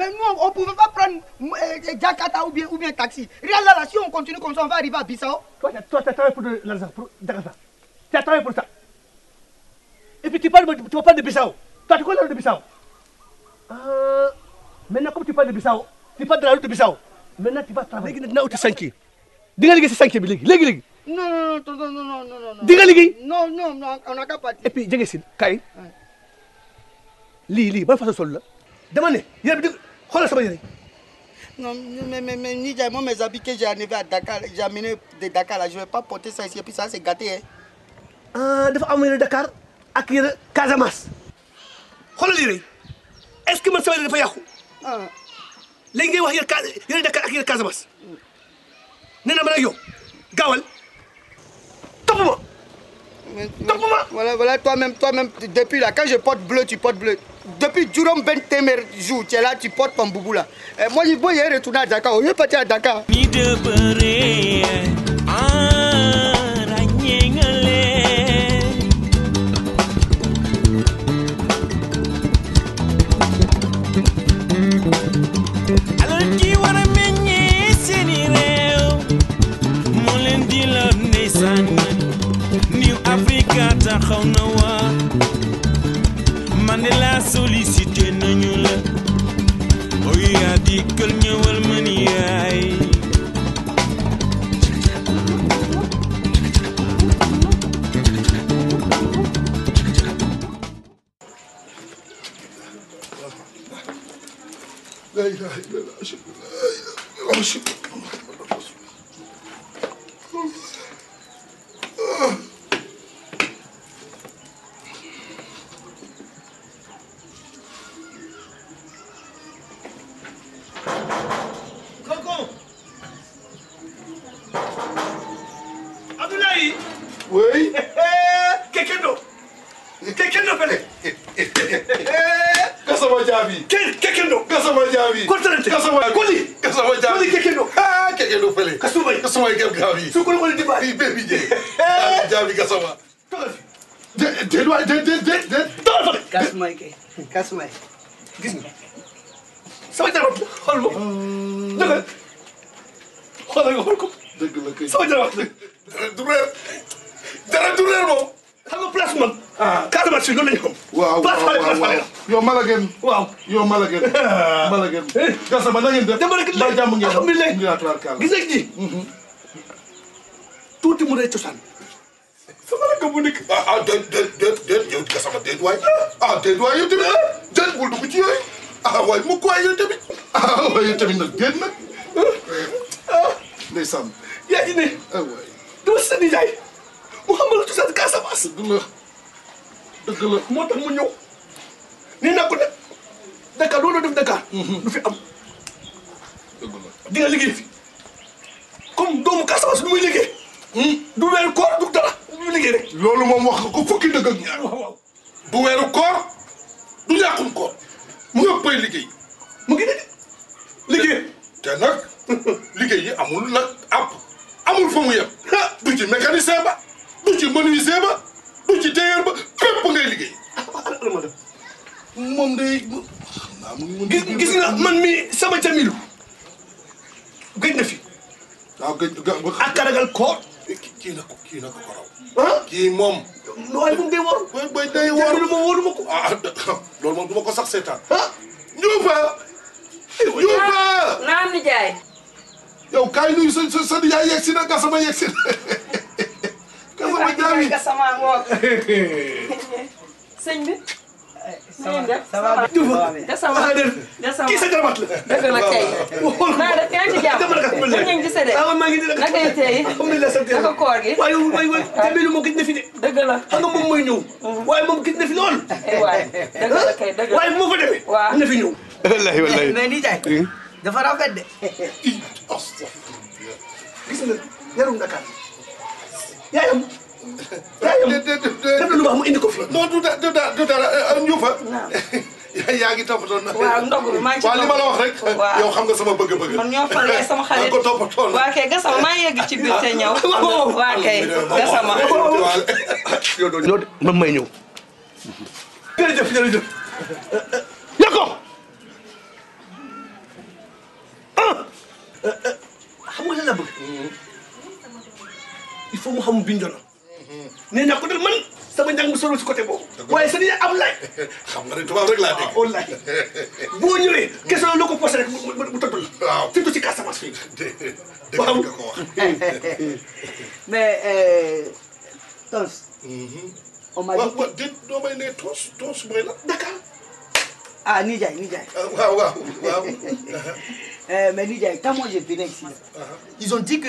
Mais nous, on ne pouvait pas prendre euh, euh, Jakarta ou bien, ou bien taxi. rien là, là, si on continue comme ça, on va arriver à Bissau. Toi, tu as travaillé pour Jakarta. Tu as travaillé pour ça. Et puis tu parles, tu de Bissau. Toi, tu connais la route de Bissau. Euh, maintenant, comme tu parles de Bissau, tu parles de la route de Bissau. Maintenant, tu vas travailler. Maintenant, tu es 5 Dis-le, c'est 5 Légui, Non, non, non, non, non, non, non. Dis-le, Non, non, non, on n'a qu'à partir. Et puis, j'ai dit, Kaïn. Li, li, bonne façon de sol là. Demandez xoolal sama yére non mais mais mais Nijaay moom mes habits que j'ai enlevé à Dakar j'ai amené de Dakar là je vais pas porter ça ici puis ça c'est gâté hein. Euh, dafa am yére Dakar ak casamass. Casamance xoolal yére est-ce que man sama yére dafa yàqu. Ah. ngay wax yére Cas yére Dakar ak casamass. Casamance nee na ma nag yow voilà, voilà toi-même, toi-même, depuis là, quand je porte bleu, tu portes bleu. Depuis durant 20 jours, tu es là, tu portes ton boubou là. Eh, moi, je vais retourner à Dakar, je oh, vais partir à Dakar. ñëwal mën yaay la ilaha illallah kasama jaabi koltalante kasama kolli kasama jaabi kolli keke ɗo ha ah, keke ɗo fele kasumay kasumay gam gaawi sokol kole dibari bebi je jaabi eh. ah, kasama de de de de de de tawal fale kasumay ke kasumay gis nga sama jarab xool ko mm. dëgg xoolal nga xool ko dëgg la kay sama jarab dara du reer dara du reer moom xam nga place man. ah Casamance si loolu la ñu xam. waaw waaw waaw yow Malaguène. waaw yow Malaguène. Malaguène. Gassama na ngeen def. dama rek la jàmm ngeen def gis nga ji. Mm-hmm. tuuti mu dee cosaan. sama rakk bu nekk. ah ah déet déet déet yow Gassama déet waay ah. ah déet waay yow tamit déet bul dugg ci yooyu ah waay mu ko waay yow tamit. ah waay yow tamit nag déet nag. Ah. Ah. ndeysaan. yaa ngi ne. ah waay doo sëni jaay. Mouhamadou Toussaint Casamance. dëgg la dëgg la moo tax mu ñëw nii naa ko nag Dakar loolu def Dakar. Mhm. du fi am. dëgg la di nga liggéey comme doomu Casamance du muy liggéey. Hmm? du weeru koor du dara du liggéey rek. loolu moom wax ko fukki dëgg ak du weeru koor. weeral eh, koor. kii la ko kii la ko ko kii moom. waaye moom day wóor. mooy mooy day wóor te wóoru ma ko. ah loolu moom du ma ko sax seetaan. ñu fa. ñu fa naam ni jaay. yow kaay nuyu sa nijaay yegsi na gasama yegsi na gasama jaay gasama ngoog sëñ ça va da sama da sama kii sa jarabat la. dëgg la kay. wóorul ma da tey ci jàmm. ñu ngi gisee de. ah maa ngi dina ko tey tey. alhamdulilah sant yàlla koor gi. waaye waaye waaye tamit moom gis na fi de. dëgg la xam nga moom mooy ñëw. waaye moom gis na fi lool. Eh, waay dëgg la kay dëgg la waaye moo fa demee. waaw na fi ñëw. wallaahi wallaahi mais nii jaay. dafa rafet de. gis nga yarum Dakar yaayam. lépp lu baax mu indi ko fi. non du da du da du dara euh, ah. maa ngi ci li ma la xam nga sama bëgg-bëgg. man ñoo fal ngay sama xarit. ko toppatoo na waaw kay gasama maa yegg ci biir te ñëw. kay gasama. yow doo may ñëw. jërëjëf man sama solo ci côté bobu Oui, am lay xam nga rek la dégg. ko mais euh, mhm. on m'a dit may la ah Nijaay wa ah, wa euh, mais Nijaay quand moi je ici. Ah, ah. ils ont dit que.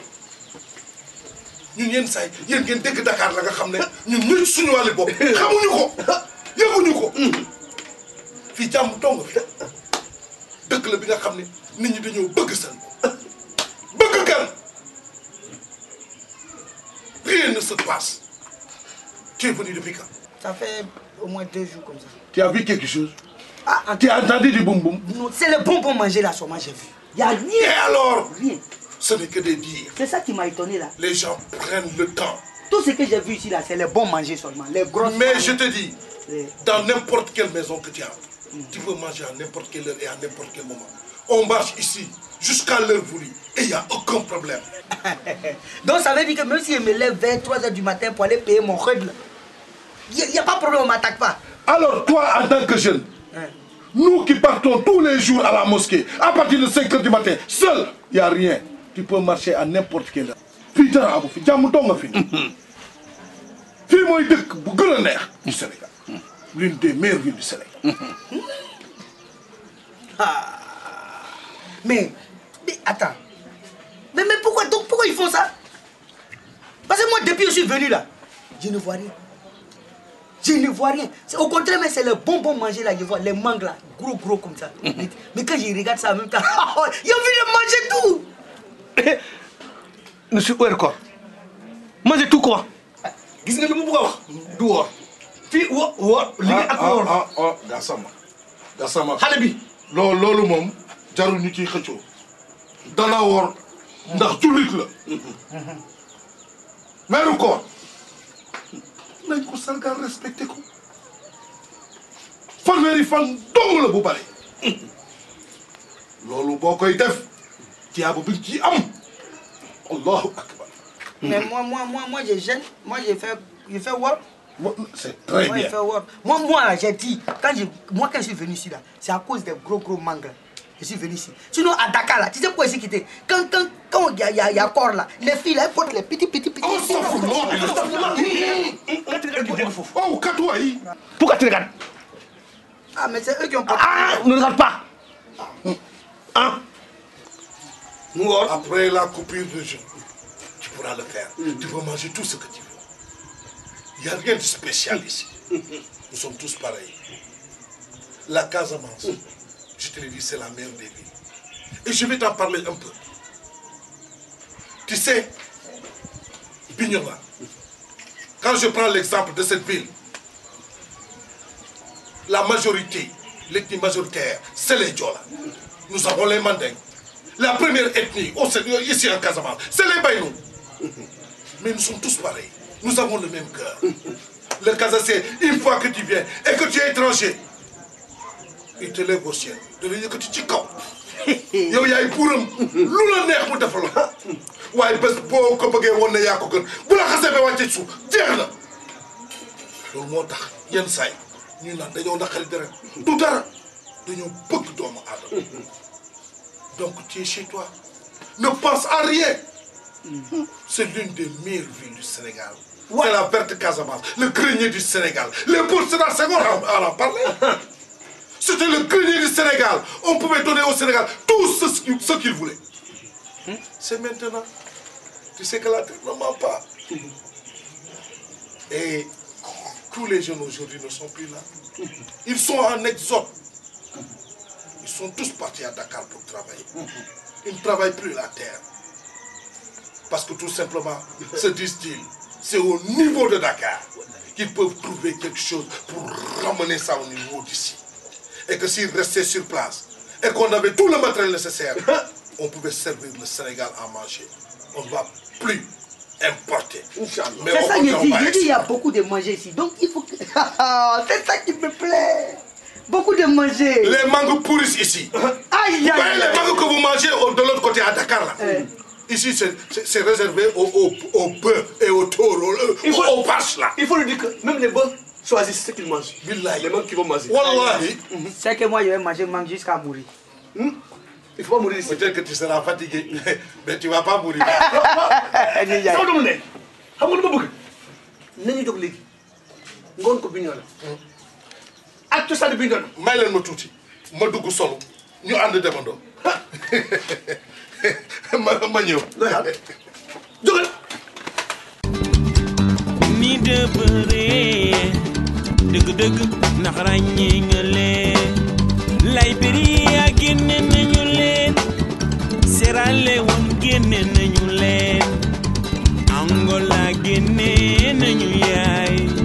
Nous sommes Dakar la nga rien ne se passe tu es venu depuis quand ça fait au moins deux jours comme ça tu as vu quelque chose ah, ah. tu as entendu du boum non c'est le bonbon mangé là seulement j'ai vu y a alors rien ce que C'est ça qui m'a étonné là. Les gens prennent le temps. Tout ce que j'ai vu ici là, c'est les bons manger seulement, les grosses. Mais je te dis, dans n'importe quelle maison que tu as, tu peux manger à n'importe quelle heure et à n'importe quel moment. On marche ici jusqu'à l'heure voulue et il n'y a aucun problème. Donc ça veut dire que même si je me lève 23 3h du matin pour aller payer mon règle, il n'y a, pas de problème, on ne m'attaque pas. Alors toi, en tant que jeune, hein. nous qui partons tous les jours à la mosquée, à partir de 5h du matin, seul, il n'y a rien tu peux marcher à n'importe quelle heure. Fais-moi fi jàmm nga fi. là bu du Sénégal. l'une des meilleures villes du soleil. Ah. mais mais attends mais mais pourquoi donc pourquoi ils font ça parce que moi depuis que je suis venu là je ne vois rien. Je ne vois rien. Au contraire, mais c'est le bonbon mangé là, je vois les mangues là, gros gros comme ça. mais, quand je regarde ça en même temps, il ont a envie de manger tout. Eh, ne su weer koor man de tout quoi. gis nga mu bëgg a wax du woor. fii wo woor liggéey woor ah, ah ah ah Gassama Gassama bi. loolu moom jarul ñu ciy woor ndax jullit la. weeru koor nañ ko sargal respecté ko fan dong la bu bare loolu boo def. qui Bilki Am. Allahu Akbar. Mais moi, moi, moi, moi, je gêne. Moi, je fais, je fais C'est très moi, bien. Moi, moi, j'ai dit, quand je, moi, quand je suis venu ici, là, c'est à cause des gros, gros mangas. Je suis venu ici. Sinon, à Dakar, là, tu sais pourquoi suis quitté Quand il quand, quand y, a, y, a, y a corps, là, les filles, là, elles portent les petits, petits, petits. On s'en fout, Oh, tu toi Pourquoi tu regardes Ah, mais c'est eux qui ont porté. Ah, ne regarde pas. Hein après la coupure de jeu, tu pourras le faire. Mm. Tu vas manger tout ce que tu veux. Il n'y a rien de spécial ici. Nous sommes tous pareils. La Casamance, mm. je te l'ai dit, c'est la meilleure des villes. Et je vais t'en parler un peu. Tu sais, Bignola quand je prends l'exemple de cette ville, la majorité, l'ethnie majoritaire, c'est les Djola. Nous avons les Mandingues la première ethnie au Seigneur ici en Casamance, c'est les Mais nous sommes tous pareils. Nous avons le même cœur. Le Kazassé, une fois que tu viens et que tu es étranger, il te lève au ciel. De lui dire que tu t'y yow yaay buuram lu la neex mu Ils te waaye bés boo ko bëggee woon la yenn Ils te donc tu es chez toi. Ne pense à rien. C'est l'une des meilleures villes du Sénégal. Ouais. C'est la verte Casamance, le grenier du Sénégal. Les bourses Sénégal, on en parlé. C'était le grenier du Sénégal. On pouvait donner au Sénégal tout ce, qu'il voulait. Hmm? C'est maintenant. Tu sais que la tête ne ment pas. Hmm. Et tous les jeunes aujourd'hui ne sont plus là. Ils sont en exode sont tous partis à Dakar pour travailler. Ils ne travaillent plus la terre. Parce que tout simplement, se disent-ils, c'est au niveau de Dakar qu'ils peuvent trouver quelque chose pour ramener ça au niveau d'ici. Et que s'ils restaient sur place et qu'on avait tout le matériel nécessaire, on pouvait servir le Sénégal à manger. On ne va plus importer. C'est ça il y a beaucoup de manger ici. Donc il faut que... c'est ça qui me plaît. Beaucoup de manger. Les mangues pourrissent ici. Aïe, aïe, aïe. les mangues que vous mangez de l'autre côté à Dakar, là. Ici, c'est réservé aux, aux, bœufs et aux taureaux, aux, vaches, là. Il faut lui dire que même les bœufs choisissent ce qu'ils mangent. Billahi. Les mangues qui vont manger. Wallahi. C'est que moi, je vais manger mangue jusqu'à mourir. Hmm? Il faut mourir ici. Peut-être que tu seras fatigué, mais tu vas pas mourir. Non, non, ak cosaan bi nga doon. ma tuuti ma dugg solo ñu ànd demandoo ma ma ñëw. jógal. ni de dëgg-dëgg ndax ràññee nga leen Liberia génne nañu leen Sierra génne nañu leen Angola génne nañu yaay.